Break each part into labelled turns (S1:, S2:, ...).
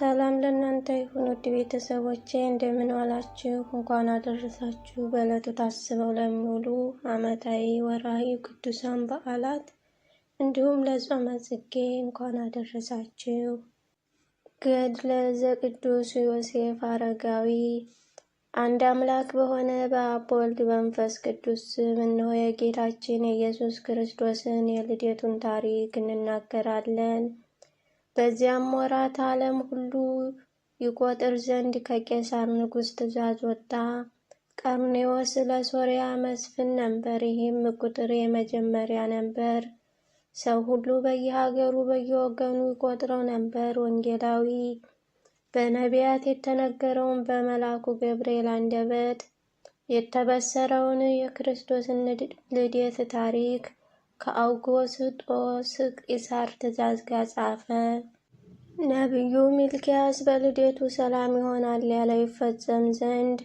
S1: ሰላም ለእናንተ ይሁን ውድ ቤተሰቦቼ፣ እንደምን ዋላችሁ? እንኳን አደረሳችሁ። በዕለቱ ታስበው ለሚውሉ ዓመታዊ ወርሃዊ ቅዱሳን በዓላት እንዲሁም ለጾመ ጽጌ እንኳን አደረሳችሁ። ገድለ ዘቅዱስ ዮሴፍ አረጋዊ። አንድ አምላክ በሆነ በአብ ወልድ በመንፈስ ቅዱስ ስም እነሆ የጌታችን የኢየሱስ ክርስቶስን የልደቱን ታሪክ እንናገራለን። በዚያም ወራት ዓለም ሁሉ ይቆጥር ዘንድ ከቄሳር ንጉሥ ትእዛዝ ወጣ። ቀርኔዎስ ለሶርያ መስፍን ነበር። ይህም ቁጥር የመጀመሪያ ነበር። ሰው ሁሉ በየሀገሩ በየወገኑ ይቆጥረው ነበር። ወንጌላዊ በነቢያት የተነገረውን በመልአኩ ገብርኤል አንደበት የተበሰረውን የክርስቶስን ልደት ታሪክ ከአውግወስጦስ ቄሳር ትእዛዝ ጋር ጻፈ። ነቢዩ ሚልኪያስ በልደቱ ሰላም ይሆናል ያለው ይፈጸም ዘንድ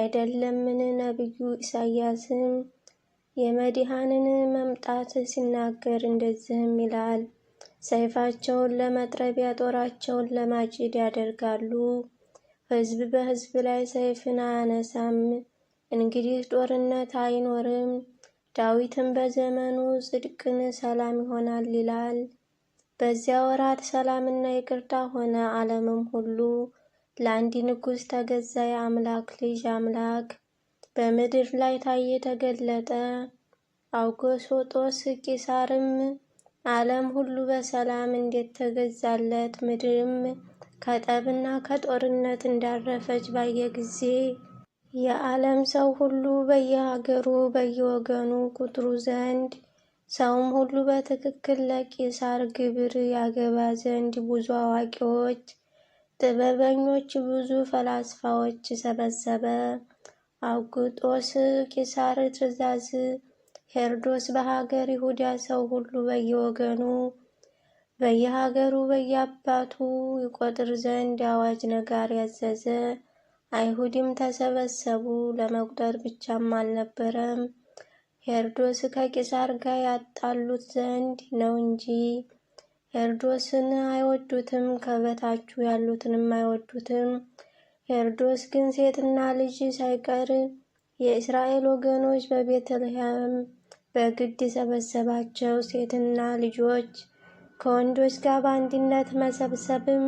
S1: አይደለምን? ነቢዩ ኢሳያስም የመድሃንን መምጣት ሲናገር እንደዚህም ይላል፣ ሰይፋቸውን ለመጥረቢያ ጦራቸውን ለማጭድ ያደርጋሉ። ሕዝብ በሕዝብ ላይ ሰይፍን አያነሳም፣ እንግዲህ ጦርነት አይኖርም። ዳዊትም በዘመኑ ጽድቅን ሰላም ይሆናል ይላል። በዚያ ወራት ሰላምና ይቅርታ ሆነ፣ ዓለምም ሁሉ ለአንድ ንጉሥ ተገዛ። የአምላክ ልጅ አምላክ በምድር ላይ ታየ ተገለጠ። አውጎሶጦስ ቂሳርም ዓለም ሁሉ በሰላም እንዴት ተገዛለት፣ ምድርም ከጠብና ከጦርነት እንዳረፈች ባየ ጊዜ የዓለም ሰው ሁሉ በየሀገሩ በየወገኑ ቁጥሩ ዘንድ ሰውም ሁሉ በትክክል ለቂሳር ግብር ያገባ ዘንድ ብዙ አዋቂዎች፣ ጥበበኞች፣ ብዙ ፈላስፋዎች ሰበሰበ። አውግጦስ ቂሳር ትእዛዝ፣ ሄርዶስ በሀገር ይሁዳ ሰው ሁሉ በየወገኑ በየሀገሩ በየአባቱ ይቆጥር ዘንድ አዋጅ ነጋሪ ያዘዘ። አይሁድም ተሰበሰቡ፣ ለመቁጠር ብቻም አልነበረም፣ ሄሮድስ ከቂሳር ጋር ያጣሉት ዘንድ ነው እንጂ። ሄሮድስን አይወዱትም፣ ከበታቹ ያሉትንም አይወዱትም። ሄሮድስ ግን ሴትና ልጅ ሳይቀር የእስራኤል ወገኖች በቤተልሔም በግድ ሰበሰባቸው። ሴትና ልጆች ከወንዶች ጋር በአንድነት መሰብሰብም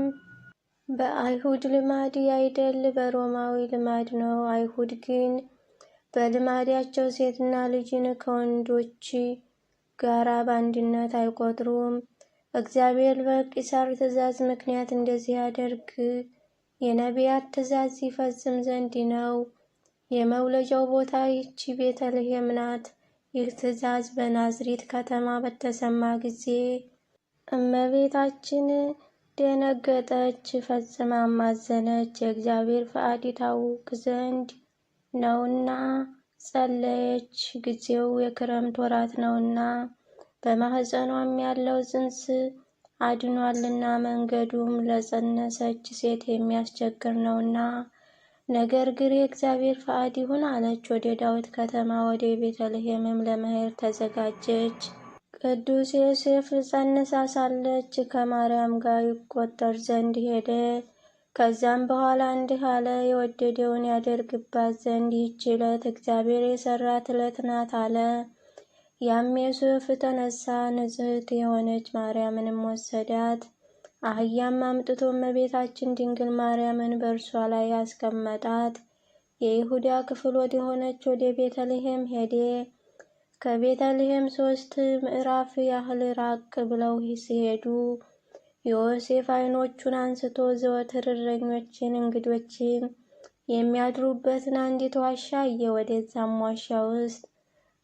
S1: በአይሁድ ልማድ አይደል፣ በሮማዊ ልማድ ነው። አይሁድ ግን በልማዳቸው ሴትና ልጅን ከወንዶች ጋራ በአንድነት አይቆጥሩም። እግዚአብሔር በቂሳር ትእዛዝ ምክንያት እንደዚህ ያደርግ የነቢያት ትእዛዝ ይፈጽም ዘንድ ነው። የመውለጃው ቦታ ይቺ ቤተልሔም ናት። ይህ ትእዛዝ በናዝሬት ከተማ በተሰማ ጊዜ እመቤታችን ደነገጠች፣ ፈጽማ ማዘነች። የእግዚአብሔር ፈቃድ ይታወቅ ዘንድ ነውና ጸለየች። ጊዜው የክረምት ወራት ነውና በማህፀኗም ያለው ጽንስ አድኗልና መንገዱም ለጸነሰች ሴት የሚያስቸግር ነውና። ነገር ግን የእግዚአብሔር ፈቃድ ይሁን አለች። ወደ ዳዊት ከተማ ወደ ቤተልሔምም ለመሄድ ተዘጋጀች። ቅዱስ ዮሴፍ ጸንሳሳለች ከማርያም ጋር ይቆጠር ዘንድ ሄደ። ከዛም በኋላ እንዲህ አለ፣ የወደደውን ያደርግባት ዘንድ ይህች ዕለት እግዚአብሔር የሰራት ዕለት ናት አለ። ያም ዮሴፍ ተነሳ፣ ንጽሕት የሆነች ማርያምንም ወሰዳት። አህያም አምጥቶ እመቤታችን ድንግል ማርያምን በእርሷ ላይ ያስቀመጣት። የይሁዳ ክፍል ወደ ሆነች ወደ ቤተልሔም ሄደ። ከቤተልሔም ሶስት ምዕራፍ ያህል ራቅ ብለው ሲሄዱ ዮሴፍ ዓይኖቹን አንስቶ ዘወትር እረኞችን፣ እንግዶችን የሚያድሩበትን አንዲት ዋሻ አየ። ወደዛም ዋሻ ውስጥ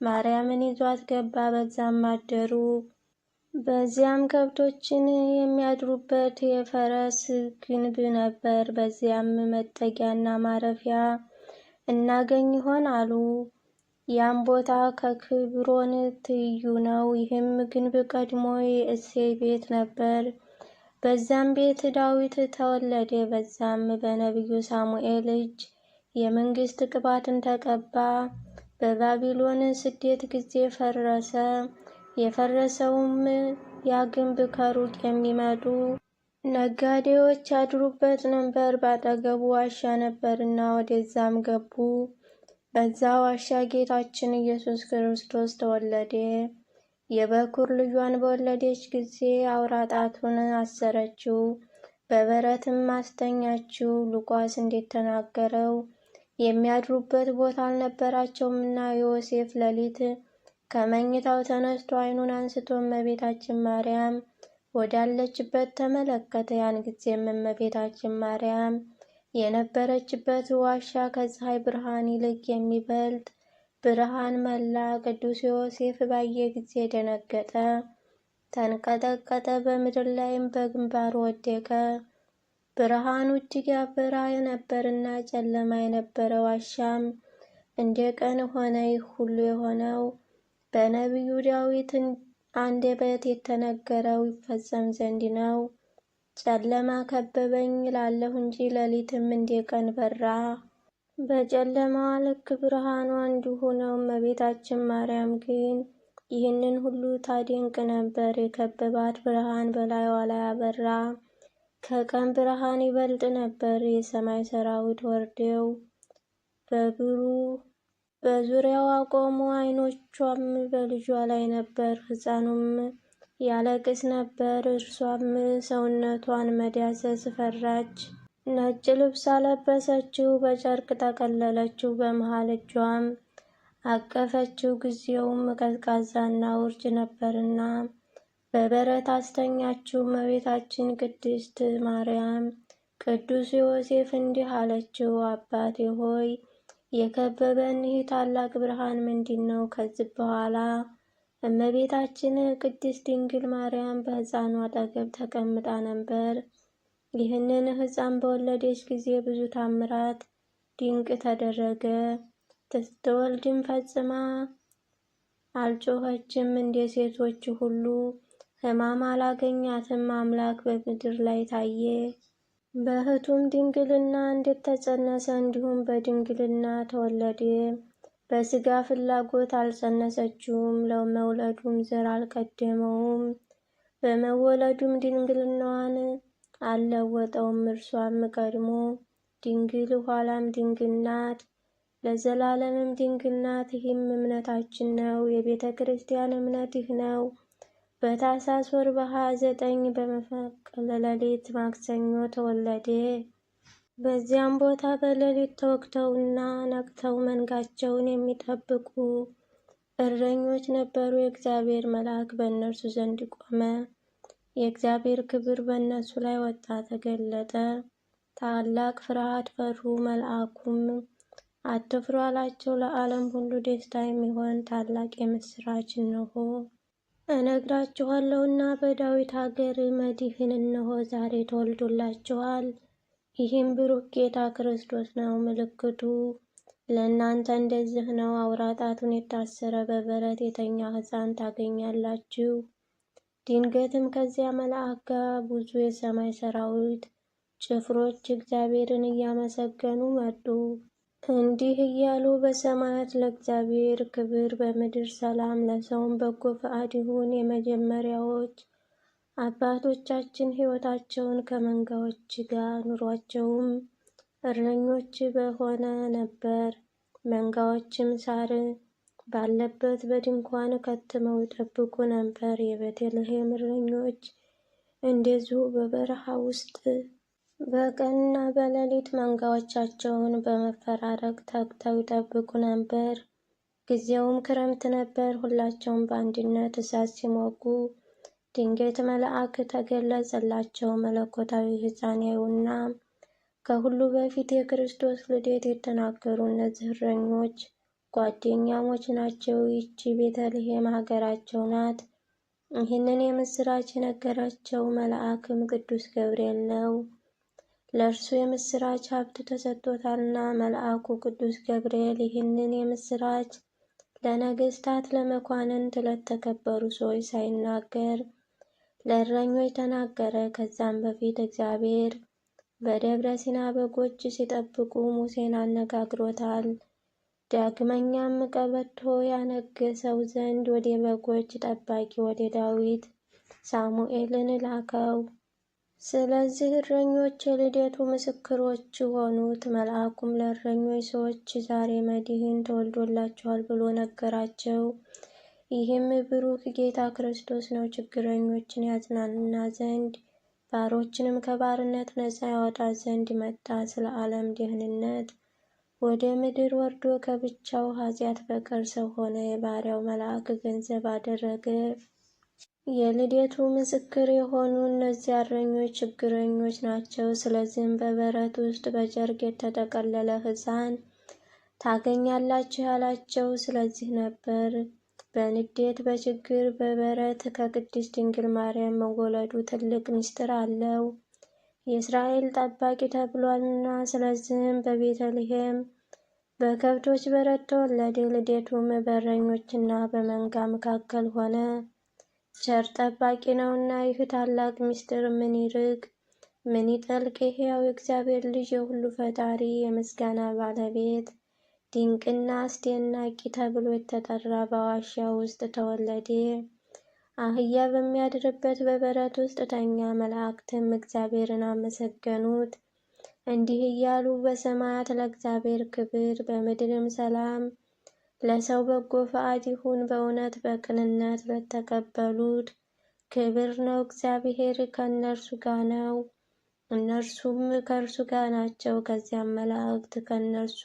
S1: ማርያምን ይዟት ገባ። በዛም አደሩ። በዚያም ከብቶችን የሚያድሩበት የፈረስ ግንብ ነበር። በዚያም መጠጊያና ማረፊያ እናገኝ ይሆን አሉ። ያም ቦታ ከክብሮን ትይዩ ነው። ይህም ግንብ ቀድሞ የእሴይ ቤት ነበር። በዛም ቤት ዳዊት ተወለደ። በዛም በነቢዩ ሳሙኤል እጅ የመንግስት ቅባትን ተቀባ። በባቢሎን ስደት ጊዜ ፈረሰ። የፈረሰውም ያ ግንብ ከሩቅ የሚመጡ ነጋዴዎች ያድሩበት ነበር። ባጠገቡ ዋሻ ነበርና ወደዛም ገቡ። በዛ ዋሻ ጌታችን ኢየሱስ ክርስቶስ ተወለደ። የበኩር ልጇን በወለደች ጊዜ አውራ ጣቱን አሰረችው፣ በበረትም አስተኛችው። ሉቃስ እንዴት ተናገረው? የሚያድሩበት ቦታ አልነበራቸውምና ዮሴፍ ሌሊት ከመኝታው ተነስቶ ዓይኑን አንስቶ እመቤታችን ማርያም ወዳለችበት ተመለከተ። ያን ጊዜም እመቤታችን ማርያም የነበረችበት ዋሻ ከፀሐይ ብርሃን ይልቅ የሚበልጥ ብርሃን መላ። ቅዱስ ዮሴፍ ባየ ጊዜ ደነገጠ፣ ተንቀጠቀጠ፣ በምድር ላይም በግንባር ወደቀ። ብርሃኑ እጅግ ያበራ የነበርና ጨለማ የነበረ ዋሻም እንደ ቀን ሆነ። ይህ ሁሉ የሆነው በነቢዩ ዳዊት አንደበት የተነገረው ይፈጸም ዘንድ ነው። ጨለማ ከበበኝ እላለሁ እንጂ ሌሊትም እንደ ቀን በራ። በጨለማዋ ልክ ብርሃኗ አንዱ ሆነው እመቤታችን ማርያም ግን ይህንን ሁሉ ታደንቅ ነበር። የከበባት ብርሃን በላይዋ ላይ አበራ። ከቀን ብርሃን ይበልጥ ነበር። የሰማይ ሰራዊት ወርደው በብሩ በዙሪያዋ ቆሙ። አይኖቿም በልጇ ላይ ነበር። ሕፃኑም ያለቅስ ነበር። እርሷም ሰውነቷን መዳሰስ ፈራች። ነጭ ልብስ አለበሰችው፣ በጨርቅ ጠቀለለችው፣ በመሃል እጇም አቀፈችው። ጊዜውም ቀዝቃዛና ውርጭ ነበርና በበረት አስተኛችው። እመቤታችን ቅድስት ማርያም ቅዱስ ዮሴፍ እንዲህ አለችው፣ አባቴ ሆይ የከበበን ይህ ታላቅ ብርሃን ምንድን ነው? ከዚህ በኋላ እመቤታችን ቅድስት ድንግል ማርያም በሕፃኑ አጠገብ ተቀምጣ ነበር። ይህንን ሕፃን በወለደች ጊዜ ብዙ ታምራት ድንቅ ተደረገ። ስትወልድም ፈጽማ አልጮኸችም፣ እንደ ሴቶች ሁሉ ሕማም አላገኛትም። አምላክ በምድር ላይ ታየ። በእህቱም ድንግልና እንደተጸነሰ እንዲሁም በድንግልና ተወለደ። በስጋ ፍላጎት አልጸነሰችውም፣ ለመውለዱም ዘር አልቀደመውም። በመወለዱም ድንግልናዋን አልለወጠውም። እርሷም ቀድሞ ድንግል ኋላም ድንግል ናት፣ ለዘላለምም ድንግል ናት። ይህም እምነታችን ነው፣ የቤተ ክርስቲያን እምነት ይህ ነው። በታኅሳስ ወር በሃያ ዘጠኝ በመንፈቀ ሌሊት ማክሰኞ ተወለደ። በዚያም ቦታ በሌሊት ተወግተውና ነቅተው መንጋቸውን የሚጠብቁ እረኞች ነበሩ። የእግዚአብሔር መልአክ በእነርሱ ዘንድ ቆመ፣ የእግዚአብሔር ክብር በእነሱ ላይ ወጣ ተገለጠ። ታላቅ ፍርሃት ፈሩ። መልአኩም አትፍሩ አላቸው፣ ለዓለም ሁሉ ደስታ የሚሆን ታላቅ የምስራች እነሆ እነግራችኋለሁና በዳዊት ሀገር መድህን እነሆ ዛሬ ተወልዶላችኋል ይህም ብሩክ ጌታ ክርስቶስ ነው። ምልክቱ ለእናንተ እንደዚህ ነው። አውራ ጣቱን የታሰረ በበረት የተኛ ሕፃን ታገኛላችሁ። ድንገትም ከዚያ መልአክ ጋር ብዙ የሰማይ ሰራዊት ጭፍሮች እግዚአብሔርን እያመሰገኑ መጡ። እንዲህ እያሉ በሰማያት ለእግዚአብሔር ክብር፣ በምድር ሰላም፣ ለሰውም በጎ ፈቃድ ይሁን። የመጀመሪያዎች አባቶቻችን ሕይወታቸውን ከመንጋዎች ጋር ኑሯቸውም እረኞች በሆነ ነበር። መንጋዎችም ሳር ባለበት በድንኳን ከትመው ይጠብቁ ነበር። የቤተልሔም እረኞች እንደዚሁ በበረሃ ውስጥ በቀንና በሌሊት መንጋዎቻቸውን በመፈራረቅ ተግተው ይጠብቁ ነበር። ጊዜውም ክረምት ነበር። ሁላቸውም በአንድነት እሳት ሲሞቁ ድንገት መልአክ ተገለጸላቸው። መለኮታዊ ሕፃኔውና ከሁሉ በፊት የክርስቶስ ልደት የተናገሩ እነዚህ እረኞች ጓደኛሞች ናቸው። ይቺ ቤተልሔም ሀገራቸው ናት። ይህንን የምስራች የነገራቸው መልአክም ቅዱስ ገብርኤል ነው። ለእርሱ የምስራች ሀብት ተሰጥቶታልና መልአኩ ቅዱስ ገብርኤል ይህንን የምስራች ለነገስታት፣ ለመኳንንት፣ ለተከበሩ ሰዎች ሳይናገር ለእረኞች ተናገረ። ከዛም በፊት እግዚአብሔር በደብረ ሲና በጎች ሲጠብቁ ሙሴን አነጋግሮታል። ዳግመኛም ቀበቶ ያነገሰው ዘንድ ወደ በጎች ጠባቂ ወደ ዳዊት ሳሙኤልን ላከው። ስለዚህ እረኞች የልደቱ ምስክሮች ሆኑት። መልአኩም ለእረኞች ሰዎች ዛሬ መድህን ተወልዶላችኋል ብሎ ነገራቸው። ይህም ብሩክ ጌታ ክርስቶስ ነው። ችግረኞችን ያጽናና ዘንድ ባሮችንም ከባርነት ነፃ ያወጣ ዘንድ መጣ። ስለ ዓለም ደህንነት ወደ ምድር ወርዶ ከብቻው ኃጢአት በቀር ሰው ሆነ። የባሪያው መልአክ ገንዘብ አደረገ። የልደቱ ምስክር የሆኑ እነዚህ አረኞች ችግረኞች ናቸው። ስለዚህም በበረት ውስጥ በጨርቅ የተጠቀለለ ሕፃን ታገኛላችሁ ያላቸው ስለዚህ ነበር። በንዴት በችግር በበረት ከቅድስት ድንግል ማርያም መወለዱ ትልቅ ምስጢር አለው። የእስራኤል ጠባቂ ተብሏልና፣ ስለዚህም በቤተልሔም በከብቶች በረት ተወለደ። ልደቱም በረኞችና በመንጋ መካከል ሆነ። ቸር ጠባቂ ነውና ይህ ታላቅ ምስጢር ምን ይርቅ ምን ይጠልቅ! የሕያው የእግዚአብሔር ልጅ የሁሉ ፈጣሪ የምስጋና ባለቤት ድንቅና አስደናቂ ተብሎ የተጠራ በዋሻ ውስጥ ተወለደ። አህያ በሚያድርበት በበረት ውስጥ ተኛ። መላእክትም እግዚአብሔርን አመሰገኑት እንዲህ እያሉ በሰማያት ለእግዚአብሔር ክብር፣ በምድርም ሰላም ለሰው በጎ ፈቃድ ይሁን። በእውነት በቅንነት ለተቀበሉት ክብር ነው። እግዚአብሔር ከእነርሱ ጋር ነው፣ እነርሱም ከእርሱ ጋር ናቸው። ከዚያም መላእክት ከእነርሱ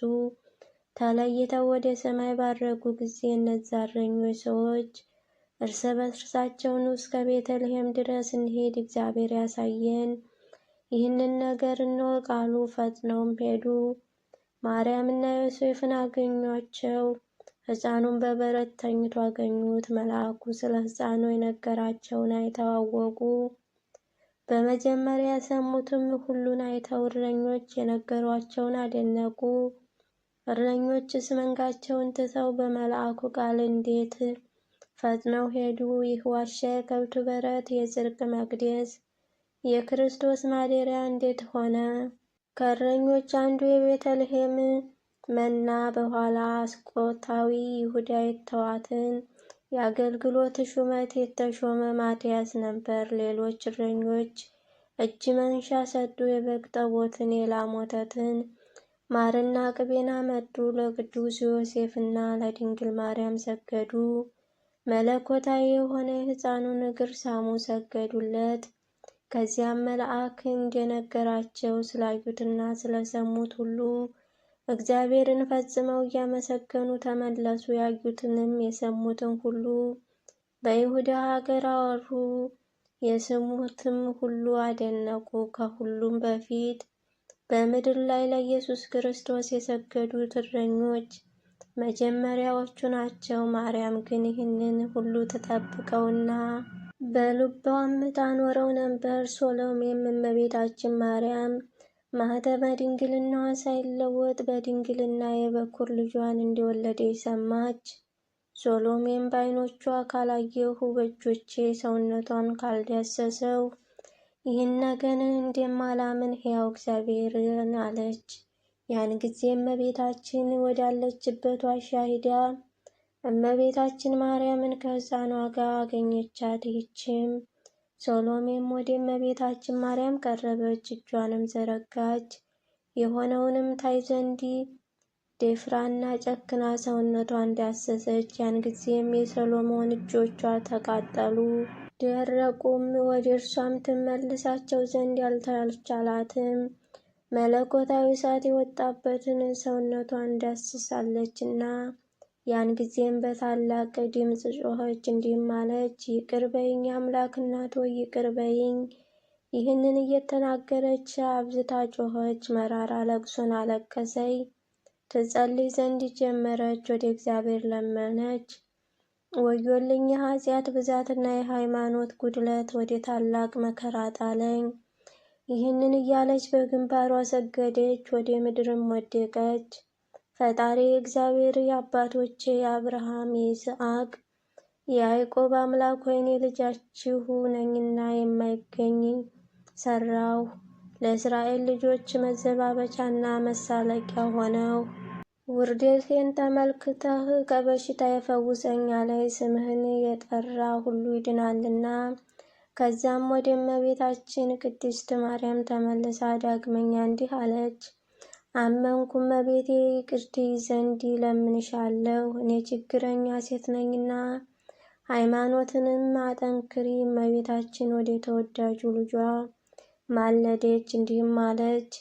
S1: ተለይተው ወደ ሰማይ ባረጉ ጊዜ እነዛ እረኞች ሰዎች እርስ በርሳቸው እስከ ቤተልሔም ድረስ እንሄድ፣ እግዚአብሔር ያሳየን፣ ይህንን ነገር እንወቅ ቃሉ ፈጥነውም ሄዱ፣ ማርያምና ዮሴፍን አገኟቸው። ሕፃኑን በበረት ተኝቶ አገኙት። መልአኩ ስለ ሕፃኑ የነገራቸውን አይተው አወቁ። በመጀመሪያ የሰሙትም ሁሉን አይተው እረኞች የነገሯቸውን አደነቁ። እረኞችስ መንጋቸውን ትተው በመልአኩ ቃል እንዴት ፈጥነው ሄዱ! ይህ ዋሻ የከብቱ በረት፣ የጽድቅ መቅደስ፣ የክርስቶስ ማደሪያ እንዴት ሆነ! ከእረኞች አንዱ የቤተልሔም መና በኋላ አስቆታዊ ይሁዳ የተዋትን የአገልግሎት ሹመት የተሾመ ማትያስ ነበር። ሌሎች እረኞች እጅ መንሻ ሰጡ። የበግ ጠቦትን፣ የላም ወተትን ማርና ቅቤን አመጡ፣ ለቅዱስ ዮሴፍና ለድንግል ማርያም ሰገዱ። መለኮታዊ የሆነ የሕፃኑን እግር ሳሙ፣ ሰገዱለት። ከዚያም መልአክ እንደነገራቸው ስላዩትና ስለሰሙት ሁሉ እግዚአብሔርን ፈጽመው እያመሰገኑ ተመለሱ። ያዩትንም የሰሙትን ሁሉ በይሁዳ ሀገር አወሩ። የስሙትም ሁሉ አደነቁ። ከሁሉም በፊት በምድር ላይ ለኢየሱስ ክርስቶስ የሰገዱት እረኞች መጀመሪያዎቹ ናቸው። ማርያም ግን ይህንን ሁሉ ተጠብቀውና በልቧም ታኖረው ነበር። ሶሎሜም እመቤታችን ማርያም ማኅተመ ድንግልናዋ ሳይለወጥ በድንግልና የበኩር ልጇን እንደወለደች ሰማች። ሶሎሜም በዓይኖቿ ካላየሁ በእጆቼ ሰውነቷን ካልዳሰሰው ይህን ነገር እንደማላምን ሕያው እግዚአብሔርን አለች። ያን ጊዜ እመቤታችን ወዳለችበት ዋሻ ሂዳ እመቤታችን ማርያምን ከሕፃኗ ጋር አገኘቻት። ይህችም ሶሎሜም ወደ እመቤታችን ማርያም ቀረበች፣ እጇንም ዘረጋች። የሆነውንም ታይ ዘንድ ደፍራና ጨክና ሰውነቷ እንዳሰሰች። ያን ጊዜም የሰሎሞን እጆቿ ተቃጠሉ። ደረቁም ወደ እርሷም ትመልሳቸው ዘንድ ያልቻላትም መለኮታዊ እሳት የወጣበትን ሰውነቷን ዳስሳለችና ያን ጊዜም በታላቅ ድምፅ ጮኸች፣ እንዲህም አለች፣ ይቅር በይኝ አምላክ እናት ይቅር በይኝ። ይህንን እየተናገረች አብዝታ ጮኸች፣ መራራ ለቅሶን አለቀሰይ። ትጸልይ ዘንድ ጀመረች፣ ወደ እግዚአብሔር ለመነች። ወዮልኝ የኃጢአት ብዛትና የሃይማኖት ጉድለት ወደ ታላቅ መከራ ጣለኝ። ይህንን እያለች በግንባሯ ሰገደች፣ ወደ ምድርም ወደቀች። ፈጣሪ እግዚአብሔር የአባቶቼ የአብርሃም፣ የይስሐቅ፣ የያዕቆብ አምላክ ወይኔ ልጃችሁ ነኝና የማይገኝ ሰራሁ፣ ለእስራኤል ልጆች መዘባበቻና መሳለቂያ ሆነው ውርደቴን ተመልክተህ ከበሽታ ላይ ስምህን የጠራ ሁሉ ይድናልና። ከዚያም ወደ እመቤታችን ቅድስት ማርያም ተመልሳ ዳግመኛ እንዲህ አለች። አመንኩ እመቤቴ፣ ይቅርት ዘንድ ለምንሻለሁ፣ እኔ ችግረኛ ሴት ነኝና። ሃይማኖትንም አጠንክሪ። እመቤታችን ወደ ተወዳጁ ልጇ ማለደች፣ እንዲህም አለች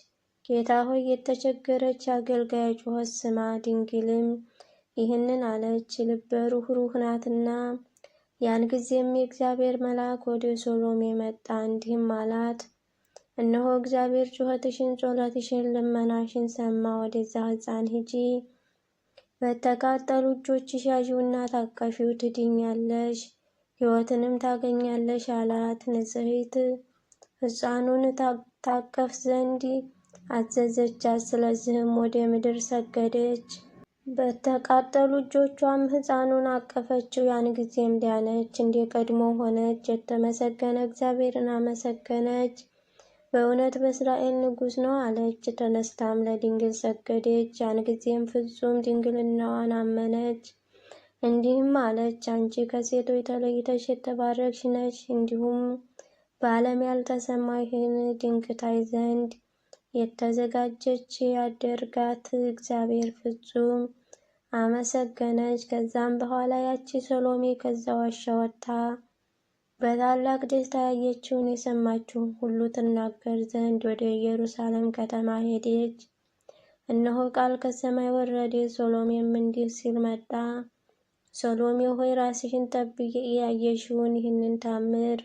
S1: ጌታ ሆይ የተቸገረች አገልጋይ ጩኸት ስማ። ድንግልም ይህንን አለች፣ ልበ ሩህ ናትና። ያን ጊዜም የእግዚአብሔር መልአክ ወደ ሶሎሜ መጣ፣ እንዲህም አላት፣ እነሆ እግዚአብሔር ጩኸትሽን፣ ጸሎትሽን፣ ልመናሽን ሰማ። ወደዛ ሕፃን ሂጂ፣ በተቃጠሉ እጆችሽ ያዢውና ታቀፊው፣ ትድኛለሽ፣ ሕይወትንም ታገኛለሽ አላት። ንጽሕት ሕፃኑን ታቀፍ ዘንድ አዘዘቻት። ስለዚህም ወደ ምድር ሰገደች። በተቃጠሉ እጆቿም ሕፃኑን አቀፈችው። ያን ጊዜም ዳነች፣ እንደ ቀድሞ ሆነች። የተመሰገነ እግዚአብሔርን አመሰገነች። በእውነት በእስራኤል ንጉሥ ነው አለች። ተነስታም ለድንግል ሰገደች። ያን ጊዜም ፍጹም ድንግልናዋን አመነች። እንዲህም አለች፣ አንቺ ከሴቶች ተለይተሽ የተባረክሽ ነሽ። እንዲሁም በዓለም ያልተሰማ ይህን ድንቅ ታይ ዘንድ የተዘጋጀች ያደርጋት እግዚአብሔር ፍጹም አመሰገነች። ከዛም በኋላ ያቺ ሰሎሜ ከዛ ዋሻ ወጥታ በታላቅ ደስታ ያየችውን የሰማችውን ሁሉ ትናገር ዘንድ ወደ ኢየሩሳሌም ከተማ ሄደች። እነሆ ቃል ከሰማይ ወረደ፣ ሰሎሜም እንዲህ ሲል መጣ። ሰሎሜ ሆይ ራስሽን ጠብቂ፣ ያየሽውን ይህንን ታምር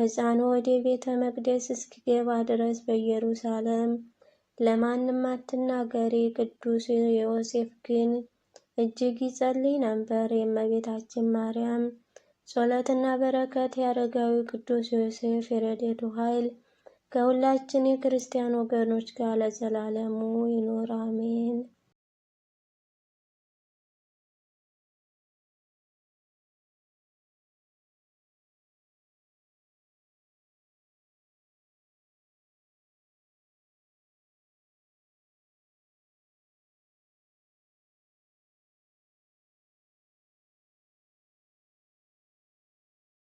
S1: ሕፃኑ ወደ ቤተ መቅደስ እስኪገባ ድረስ በኢየሩሳሌም ለማንም አትናገሪ። ቅዱስ ዮሴፍ ግን እጅግ ይጸልይ ነበር። የእመቤታችን ማርያም ጸሎትና በረከት የአረጋዊ ቅዱስ ዮሴፍ የረድኤቱ ኃይል ከሁላችን የክርስቲያን ወገኖች ጋር ለዘላለሙ ይኖር፣ አሜን።